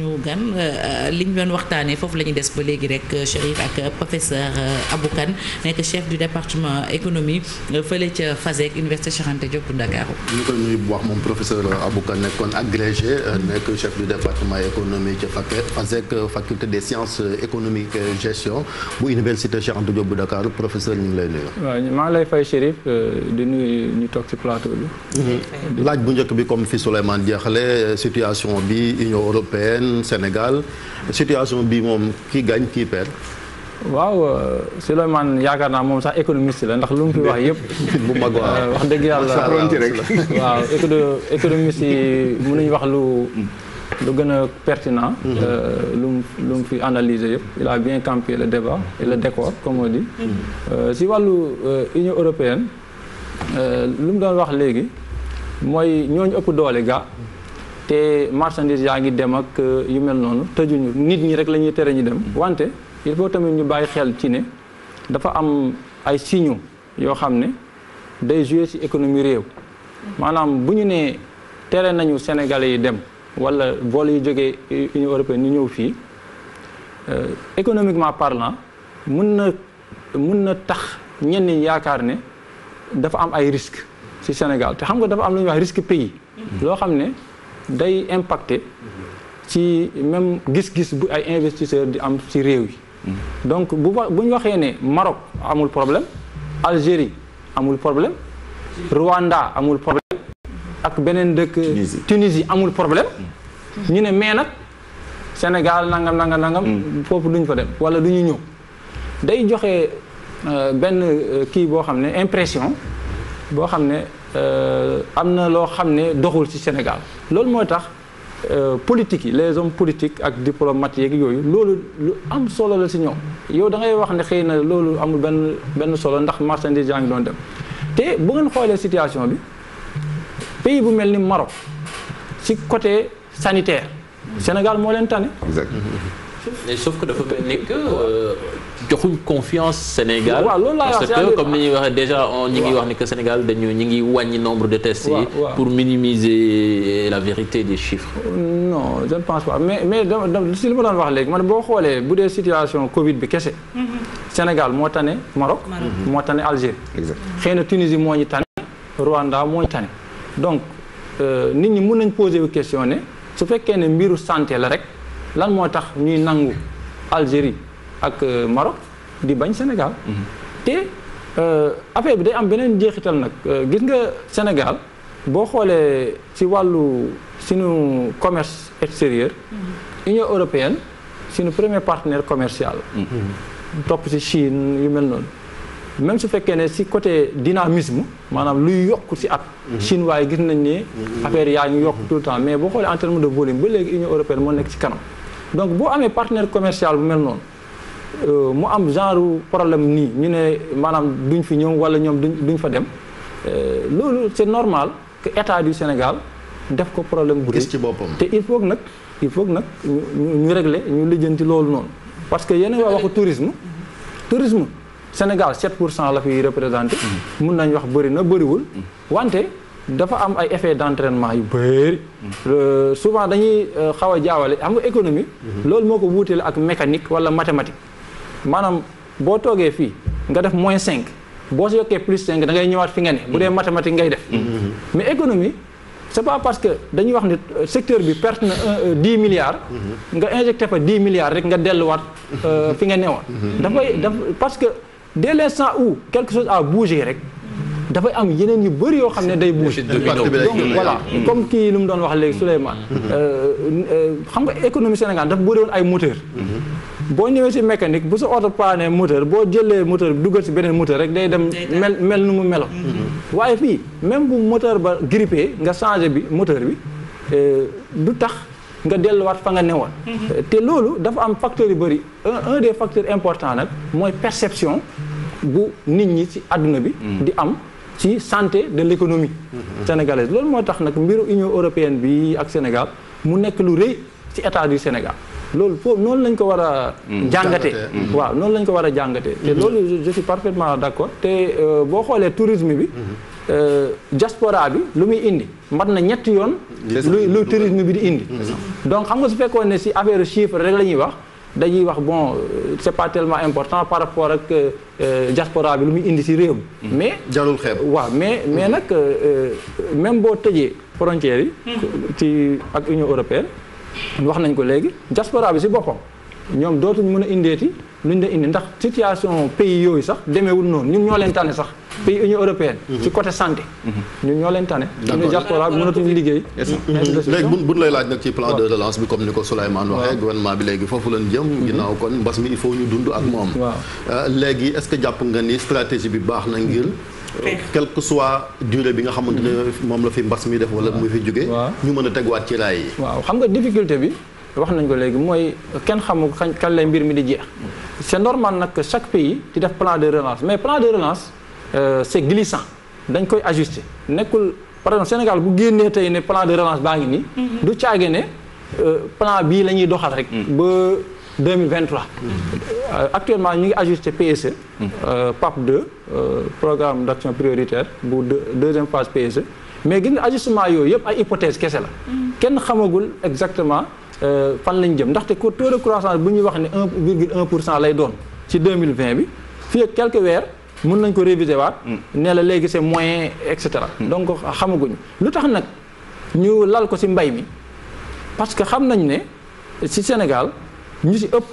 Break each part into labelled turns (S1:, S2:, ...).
S1: ñu gan euh, li ñu doon waxtaanee foofu la ñuy des ba léegi rek euh, Chérif ak euh, professeur Aboukan, nekk chef du département économie fële ca FASEG Université Cheikh Anta Diop bu Ndakaaru. ñu koy nuyu bu wax moom professeur Aboukan, Kane nekkoon agrégé nekk chef du département économie ca FASEG faculté des sciences économiques et gestion bu Université Cheikh Anta Diop bu professeur ñu ngi lay nuyu.
S2: waaw maa lay fay Chérif di nuyu ñu toog ci plateau bi.
S1: Mm-hmm. laaj bu njëkk bi comme fi Souleymane jeexale situation bi Union européenne. ren Sénégal situation bi moom kii gagne kii perd.
S2: waaw euh, Souleymane yaakaar naa moom sax économiste la ndax lu mu fi wax yëpp. bu mag euh, wax dëgg yàlla waaw économiste yi ñu wax lu. lu gën a pertinent. Mhm. Euh, lu mu lu fi analyser yëpp il bien campé le débat et le décor comme on dit. Mhm. si wàllu Union européenne lu mu doon wax léegi mooy ñooñu ëpp doole ga te marchandise yaa ngi dem ak euh, yu mel noonu tëjuñu nit ñi rek la ñuy tere ñu dem wante il faut tamit ñu bàyyi xel ci ne dafa am ay signaux yoo xam ne day jouer ci économie réew maanaam bu ñu nee tere nañu Sénégalais yi dem wala vol yu jógee Union européenne ñu ñëw fii euh, économiquement parlant mun na mun na tax ñenn yaakaar ne dafa am ay risques ci Sénégal te xam nga dafa am lu ay wax risque pays mm-hmm. loo xam ne day impacté, ci même gis-gis bu ay investisseurs di am ci réew yi. donc bu ba bu Maroc amul problème Algérie amul problème Rwanda amul problème ak benen deuk Tunisie amul problème. ñu né mais nak Sénégal nangam nangam nangam. Mm. foofu duñ fa dem wala du ñu ñëw. day joxé euh, benn euh, ki bo xamné impression bo xamné euh, amener lo xamné Sénégal lool moy tax euh, politique les hommes politiques ak diplomatiques yeeg yooyu loolu lu am solo la ci ñoom yow da ngay wax ne xeyna amul ben ben solo ndax marchandise bonnes doon dem situation pays bu melni Maroc ci côté sanitaire Sénégal mo leen sauf que de que. Euh, joxuñ confiance
S1: Sénégal. parce que comme ni ñuy déjà on ñi ngi wax ni que Sénégal dañu ñi ngi wàññi nombre de tests pour
S2: minimiser la vérité des chiffres. non je ne pense pas mais mais si le ma doon wax légui man bo xolé bu situation Covid bi kessé mhm. Sénégal mo tane Maroc. mo tane Algérie. exactement xëy Tunisie mo tane. Rwanda mo tane donc euh, nit ñi mën nañ poser question ne su fekké né mbiru santé la rek lan mo tax ñuy nangu Algérie. ak euh, Maroc di bañ Sénégal. Mhm. te euh, affaire bi day am beneen jeexital nag euh, gis nga Sénégal boo xoolee ci wàllu suñu commerce extérieur. Mhm. Union européenne suñu premier partenaire commercial.
S3: Mhm.
S2: topp ci Chine yu mel noonu. même su fekkee ne si côté dynamisme maanaam luy yokk si at. Chine waaye gis nañ ne. affaire yaa ngi yokk tout le temps mais boo xoolee en terme de volume ba léegi Union européenne moo nekk si kanam. donc boo amee partenaire commercial bu mel noonu. Euh, mu am genre problème nii ñu ne maanaam duñ fi ñëw wala ñoom duñ duñ fa dem euh, loolu c'est normal que état du Sénégal def ko problème bu rëy ci boppam te il faut nag il faut nag ñu régler ñu lijjanti loolu noonu parce que yéen a waxu tourisme tourisme Sénégal 7 pour cent la fi représenté mun nañu wax bëri na bëriwul wante dafa am ay effet d'entraînement yu bëri mm. euh, souvent dañuy xaw a jaawale am nga économie mm-hmm. loolu moo ko wuutale ak mécanique wala mathématique maanaam boo toogee fii nga def moins cinq boo si yokkee plus cinq da ngay ñëwaat fi nga ne bu dee mathématique ngay def mm-hmm. Mm-hmm. mais économie c'est pas parce que dañuy wax ni euh, secteur bi perte na euh, dix milliards mm-hmm. nga injecté fa dix milliards rek nga delluwaat euh, fi nga ne newoon dafay daf parce que dès l'instant où quelque chose a bougé rek dafay am yeneen yu bëri yoo xam ne day bouger donc voilà comme kii lu mu doon wax léegi Souleymane xam nga économie Sénégal dafa bëri woon ay moteur boo ñëwee si mécanique bu sa oto paanee moteur boo jëlee moteur bi dugal si beneen moteur rek day dem mel mel nu mu melo mm-hmm. mm-hmm. waaye fii même bu moteur ba grippé nga changé bi moteur bi euh, du tax nga delluwaat fa nga newoon mm-hmm. te loolu dafa am facteur yu bëri un des facteurs important nag mooy perception bu nit ñi ci àdduna bi di am ci santé de l'économie sénégalaise loolu moo tax nag mbiru Union européenne bi ak Sénégal mu nekk lu rëy ci état du Sénégal loolu foofu noonu lañ ko war a hmm. jàngate hmm. waaw noonu lañ ko war a jàngate te hmm. loolu je suis parfaitement d'accord te euh, boo xoolee tourisme bi jaspora euh, bi lu muy indi mbat na ñetti yoon lu lu tourisme bi di indi donc xam nga su fekkoon ne si affaire chiffre rek la ñuy wax dañuy wax bon euh, c'est pas tellement important par rapport ak diaspora bi lu muy indi si réew mais jarul xeeb waaw mais mais nag même boo tëjee frontières yi ci ak Union européenne wax nañ ko léegi diaspora bi si boppam ñoom dootuñ mën a indeeti ñu la indi ndax situation pays yooyu sax demeewul noonu ñun ñoo leen tane sax pays union européenne mhm. ci côté santé mhm. ñun ñoo leen tane ñu diaspora bi
S1: mënatuñu liggéey léegi bu buñ lay laaj nag ci plan de relance bi comme ni ko Souleymane waxee gouvernement bi léegi foofu lañ jëm mhm. ginnaaw kon mbas mi il faut ñu dund ak moom euh, léegi est-ce que jàpp nga ni stratégie bi baax na ngir Euh, quel que soit durée bi nga xamante ne
S2: fi mbas mi def wala muy fi jóge ñu mën a teguwaat ci raay yi waaw xam nga difficulté bi wax nañ ko léegi mooy kenn xamul kañ kañ lay mbir mi di jeex c'est normal nag que chaque pays di def plan de relance mais plan de relance euh, c'est glissant dañ koy ajuster nekkul par exemple Sénégal bu génnee tey ne plan de relance baa ngi nii mhm. du caage ne euh, plan bii la doxal rek mm. 2023. Euh, actuellement nous ajustons ajusté PSE. Euh, PAP 2 euh, programme d'action prioritaire prioritaire bu deuxième phase PSE mais nous ajustons ajustement yooyu yëpp ay hypothèse kese la. kenn xamagul exactement fan lañ jëm ndaxte ko taux de croissance bu ñu wax ne 1,1% lay doon ci 2020 bi fi quelques verres mën nañ ko réviser waat. Mm. né la léegi c'est moyen etc. cetera. Mm. donc xamaguñ lu tax nous ñu lal ko ci mbay parce que xam nañ né ci Sénégal. ñu si ëpp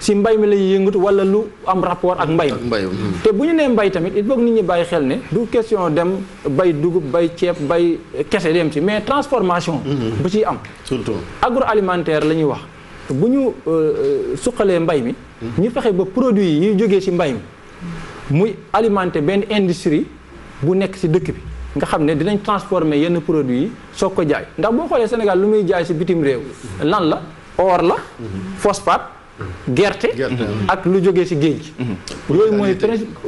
S2: si mbay mi lay yëngatu wala lu am rapport ak mbay mi hmm. te bu ñu nee mbay tamit il faut que nit ñi bàyyi xel ne du question dem bay dugub bay ceeb bay kese dem ci mais transformation hmm, hmm, bu ciy am agro alimentaire la ñuy wax bu ñu euh, euh, suqalee mbay mi ñu fexe ba produit yi yuy jógee si mbay mi muy alimenter benn industrie bu nekk si dëkk bi nga xam ne dinañ transformer yenn produits yi soo ko jaay ndax boo xoolee Sénégal lu muy jaay si bitim réew lan la or la phosphate gerte ak lu jógee ci géej gi mhm. yooyu mooy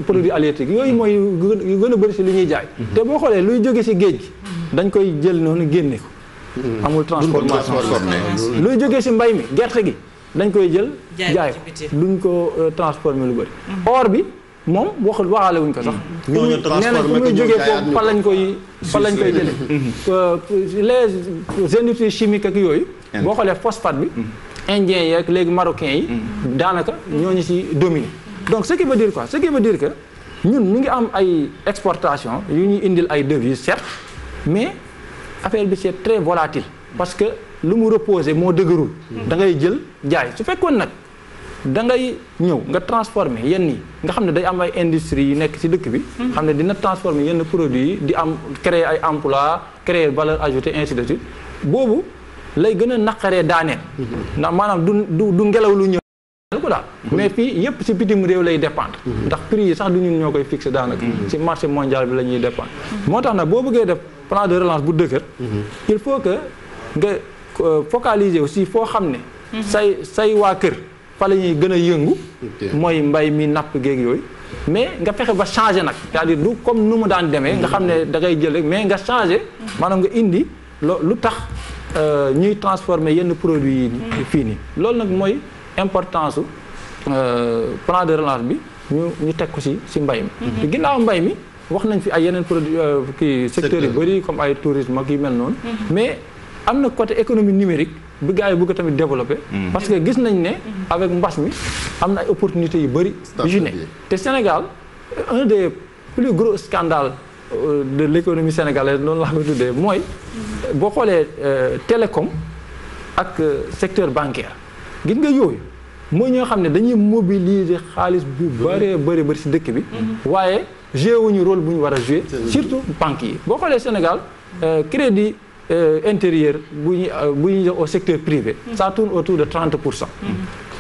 S2: produit halieutique yooyu mooy yu gën a bëri si li ñuy jaay mhm. te boo xoolee luy jógee ci géej gi dañ koy jël noonu génne ko
S3: mhm. amul transformation luy
S2: jógee ci mbay mi gerte gi dañ koy jël jaay ko duñ ko euh, transformer lu bëri or bi moom waxul waxaale wuñ ko sax ñooñu nee na muy jógee foofu fa lañ koy fa lañ koy jëlee euh, les industries chimiques ak yooyu boo xoolee phosphate bi indien yi ak léegi marocain yi mm. daanaka ñoo ñu si dominé donc ce qui veut dire quoi ce qui veut dire que ñun ñu ngi am ay exportation yu ñuy indil ay devises certes mais affaire bi c'est très volatile parce que lu mu reposé moo dëgërul mm. da ngay jël jaay su fekkoon nag dangay ñëw nga transformer yenn yi nga xam ne day am ay industrie yu nekk ci dëkk bi mm. xam ne dina transformer yenn produit yi di am créer ay emploi créer valeur ajoutée ainsi boobu lay gën a naqaree daaneel. ndax maanaam du du du ngelaw lu ñëw. ko daal mais fii yëpp si bitim réew lay dépendre. ndax pris yi sax du ñun ñoo koy fixé daanaka. si marché mondial bi la ñuy dépendre. moo tax nag boo bëggee def plan de relance bu dëgër. il faut que nga euh, focaliser aussi foo xam ne. say say waa kër fa la ñuy gën a yëngu. mooy mbay mi napp géeg yooyu. mais nga fexe ba changé nag cest à du comme nu mu daan demee nga xam ne da ngay jël rek mais nga changé Euh, ñuy transformer yenn produits yi mm. fii nii loolu nag mooy importance su euh, plan de relance bi ñu ñu teg ko si si mbay mi mm-hmm. te ginnaaw mbay mi wax nañ fi ay yeneen produit euh, kii secteurs yu bëri comme ay tourisme ak yu mel noonu mm-hmm. mais am na côté économie numérique bi gars yi bëgg tamit développé mm-hmm. parce que gis nañ ne avec mbas mi am na ay opportunités yu bëri yu ne te Sénégal un des plus gros scandales Euh, de l'économie sénégalaise noonu la xam ne tuddee mooy boo xoolee euh, télécom ak euh, secteur bancaire gis nga yooyu mooy ñoo xam ne dañuy mobiliser xaalis bu bëree bëri bëri si dëkk bi mhm. waaye joué wuñu rôle bu ñu war a joué surtout banque yi boo xoolee Sénégal crédit intérieur bu ñu bu ñuy jox au secteur privé mhm. ça tourne autour de trente pour cent mhm.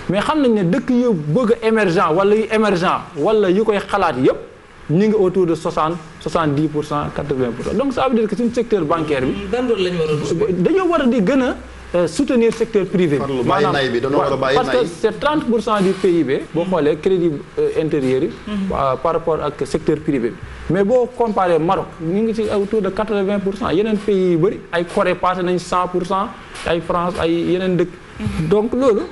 S2: mais xam nañ ne dëkk yu bëgg a émergent wala yu émergent wala yu koy xalaat yëpp Nous sommes autour de 60 70 80% donc ça veut dire que un secteur bancaire bi. devons soutenir euh, soutenir secteur privé parce que c'est 30 du PIB le crédit euh, intérieur mhm. par rapport au secteur privé mais bon comparé Maroc nous autour de 80 y a un pays y ay Corée passé nañ 100 Il ay France ay yenen mhm. donc lolu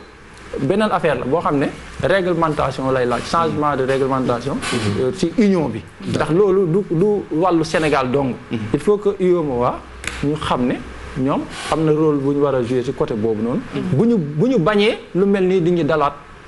S2: benen affaire la boo xam réglementation lay laaj changement de réglementation mhm. euh, ci union bi ndax lolu du du Sénégal dong mhm. il faut que wa e ñu xamné ñom amna rôle bu ñu war jouer ci côté bobu non mhm. buñu buñu bañé lu melni diñu dalat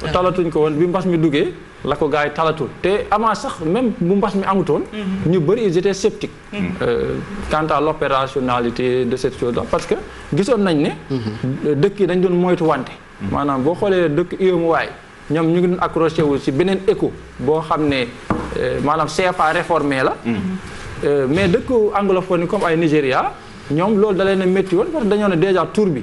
S2: talatuñ ko woon bi mbas mi duggee la ko gars yi talatul te avant sax même bu mbas mi amutoon. Mhm. ñu bëri ils étaient sceptiques. Mhm. Euh, quant à l'opérationnalité de cette chose parce que gisoon nañ ne. Mhm. dëkk yi dañ doon moytu wante. maanaam boo xoolee dëkk UEMOA ñoom ñu ngi doon accroché wu si beneen écho boo xam ne euh, maanaam CFA réformé la. Euh, mais dëkk anglophone yi comme ay Nigéria. ñoom loolu da leen a métti parce dañoo ne déjà tour bi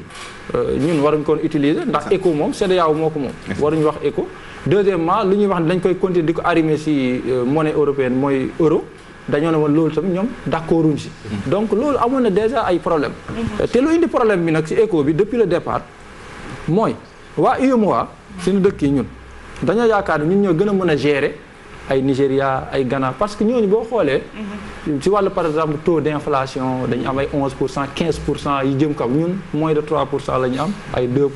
S2: euh, ñun waruñ koon utiliser ndax éco moom CEDEAO moo ko moom waruñu wax éco deuxièmement lu ñuy wax ne dañ koy continuer di ko arrimer si euh, monnaie européenne mooy euro dañoo ne woon loolu tamit ñoom d'accorduñ si mhm. donc loolu amoon na déjà ay problème mhm. te lu indi problème bi nag si éco bi depuis le départ mooy waa UEMOA suñu dëkk yi ñun dañoo yaakaar ne ñun ñoo gën a mën a gérer ay Nigeria, ay Ghana parce que ñooñu bo xolé ci wàllu par exemple taux d'inflation, dañ dañu 11 15 yi jëm kaw ñun moins de 3 pour am ay 2 1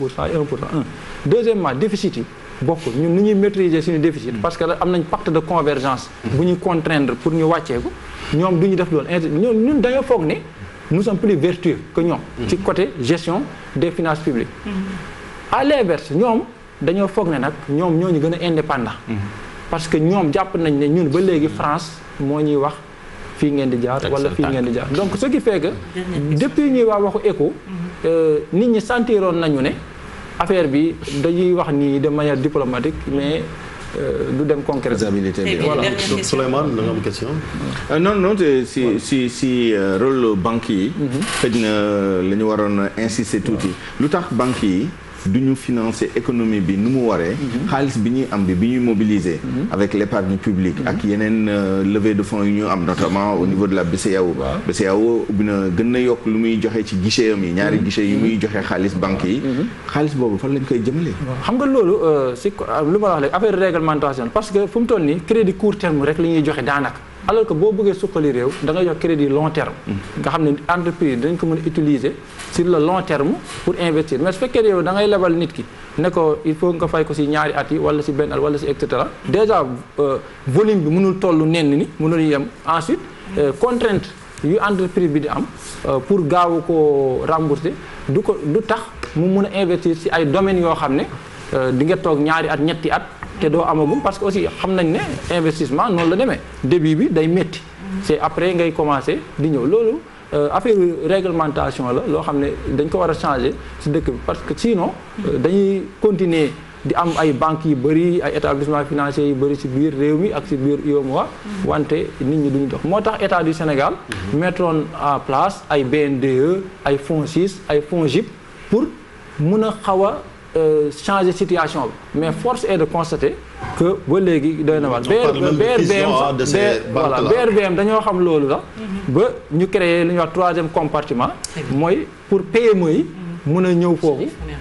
S2: deuxièmement déficit beaucoup. Nous, ñun ni ñuy maîtriser suñu déficit. Mm-hmm. parce que am nañ pacte de convergence. bu ñu contraindre pour ñu waccé nous, ñom duñu def lool ñun ñun nous sommes plus vertueux que ñom mm-hmm. ci côté gestion des finances publiques.
S3: Mm-hmm.
S2: à l'inverse ñom dañoo foog ne nag ñoom ñoo ñu nous indépendant. parce que ñoom jàpp nañ ne ñun ba léegi France moo ñuy wax fii ngeen di jaar wala fii ngeen di jaar donc ce qui fait que depuis ñuy wax waxu écho mm-hmm. euh, nit ñi sentiroon nañu ne affaire bi dañuy wax nii de manière diplomatique mais euh, du dem concrétisabilité bi voilà donc
S1: Souleymane question. Euh, non non si si si rôle banque yi. Mm-hmm. xëj na la ñu waroon insister tuuti lu tax banque yi. du financer économie bi nu mu waree mhm. xaalis bi ñi am bi bi ñuy mobiliser mhm. avec l'épargne publique ak mhm. yenen euh, levée de fonds ñu am notamment au niveau de la BCEAO BCEAO ubbi
S2: na gën na lu muy joxé ci guichet yi ñaari guichet yi muy joxé xaalis banque yi xaalis bobu fa lañ koy jëmlé xam nga lolu euh, si euh, lu wax léegi affaire réglementation parce que fu mu tonni crédit court terme rek li ñuy joxe alors que boo bëggee suqali réew da nga jox crédit long terme. Mm. nga xam ne entreprise dañ ko mën a utiliser sur le long terme pour investir mais su fekkee yow da lebal nit ki ne ko il faut nga fay ko si ñaari at yi wala si benn at wala si et cetera déjà euh, volume bi mënul toll nenn ni mënul yem ensuite euh, contrainte yu entreprise bi di am euh, pour gaaw ko rembourser du ko du tax mu mun a investir si ay domaines yoo xam ne di nga toog ñaari at ñetti at. te doo amagum parce que aussi xam nañ ne investissement noonu la demee début bi day métti c'est après ngay commencer di ñëw loolu euh, affaire réglementation la loo xam ne dañ ko war a changer ci dëkk bi parce que sinon euh, dañuy continuer di am ay banques yu bëri ay établissements financier yu bëri si biir réew mi ak si biir UEMOA wante nit ñi duñu dox moo tax état du Sénégal mettoon en place ay BNDE ay FONSIS ay FONGIP pour mun a xaw a Euh, changer situation mais force est de constater que ba léegi doy na le BRBM sax voilà BRBM dañoo xam loolu la ba ñu créer li wax troisième compartiment mooy pour PME yi mun a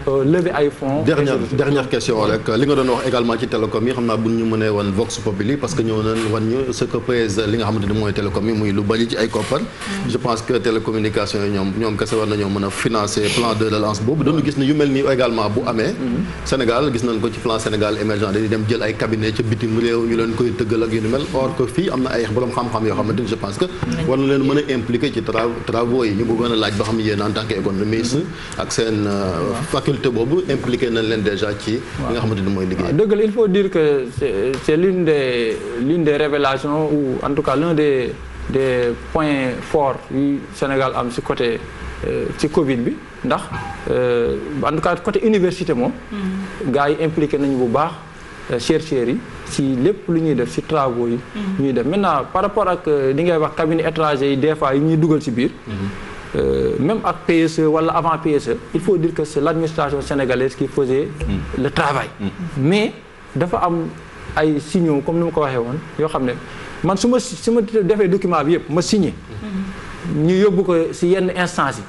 S2: euh, lever ay fonds. dernière
S1: dernière question rek li nga doon wax également ci télécom yi xam naa bu ñu mënee wan Vox Populi parce que ñëw nañ wan ñu ce que pèse li nga xamante ni télécom yi muy lu bari ci ay koppar. Mm. je pense que télécommunication yi ñoom ñoom kese war nañoo mën financer plan de relance boobu. dañu gis ne yu mel également bu amé mm. Sénégal gis nañ ko ci plan Sénégal émergent dañuy dem jël ay cabinet ca bitim réew ñu leen koy tëggal ak yu ni mel or que fi amna na ay borom xam-xam yo xamante je pense que. Mm. war na leen mën a impliquer ci travaux yi ñu bëggoon a laaj ba xam yéen en tant que économiste ak seen euh, difficulté boobu impliqué
S2: dans l'un déjà ci nga xamante ah, il faut dire que c'est l'une des l'une des révélations ou en tout cas l'un des des points forts du Sénégal am ci côté euh, ci Covid bi ndax euh, en tout cas côté université mom
S3: mm-hmm.
S2: gars impliqué nañu bu baax euh, chercheurs yi si lépp lu ñuy def ci travaux yi mm-hmm. ñuy def maintenant par rapport ak li ngay wax cabinet étranger yi des fois yi ñuy dugal ci biir
S3: mm-hmm
S2: euh, même avec PSE ou avant PSE, il faut dire que c'est l'administration sénégalaise qui faisait mm. le travail. Mm. Mais, dafa am ay signaux comme nous ko waxé won yo xamné man suma suma défé document bi yépp ma signe
S3: mm-hmm.
S2: ñu yobbu ko ci yenn instance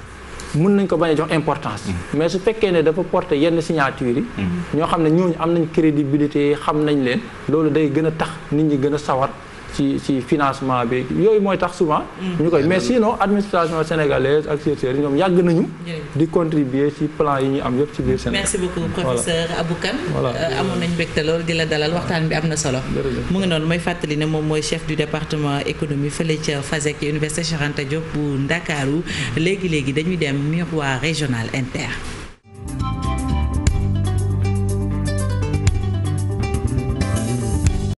S2: yi mën nañ ko bañ jox importance mm. mais su fekkee ne dafa porter yenn signature yi ñoo xam ne ñooñu am nañ crédibilité xam nañ leen loolu day gën a tax nit ñi gën a sawar ci ci financement bi yoy moy tax souvent. Mm. ñu koy mm. mais sinon administration sénégalaise ak secteur yi ñoom nañu. di contribuer ci plan yi ñu am yëpp ci biir Sénégal. merci beaucoup professeur Aboukan, amon voilà euh, amoon
S1: nañu mbégte lool di la dalal waxtaan bi amna solo. mu ngi non moy fatali ne mom moy chef du département économie fële ca FASEC université Cheikh Diop bu dakarou mm. légui légui dañuy dem miroir régional inter.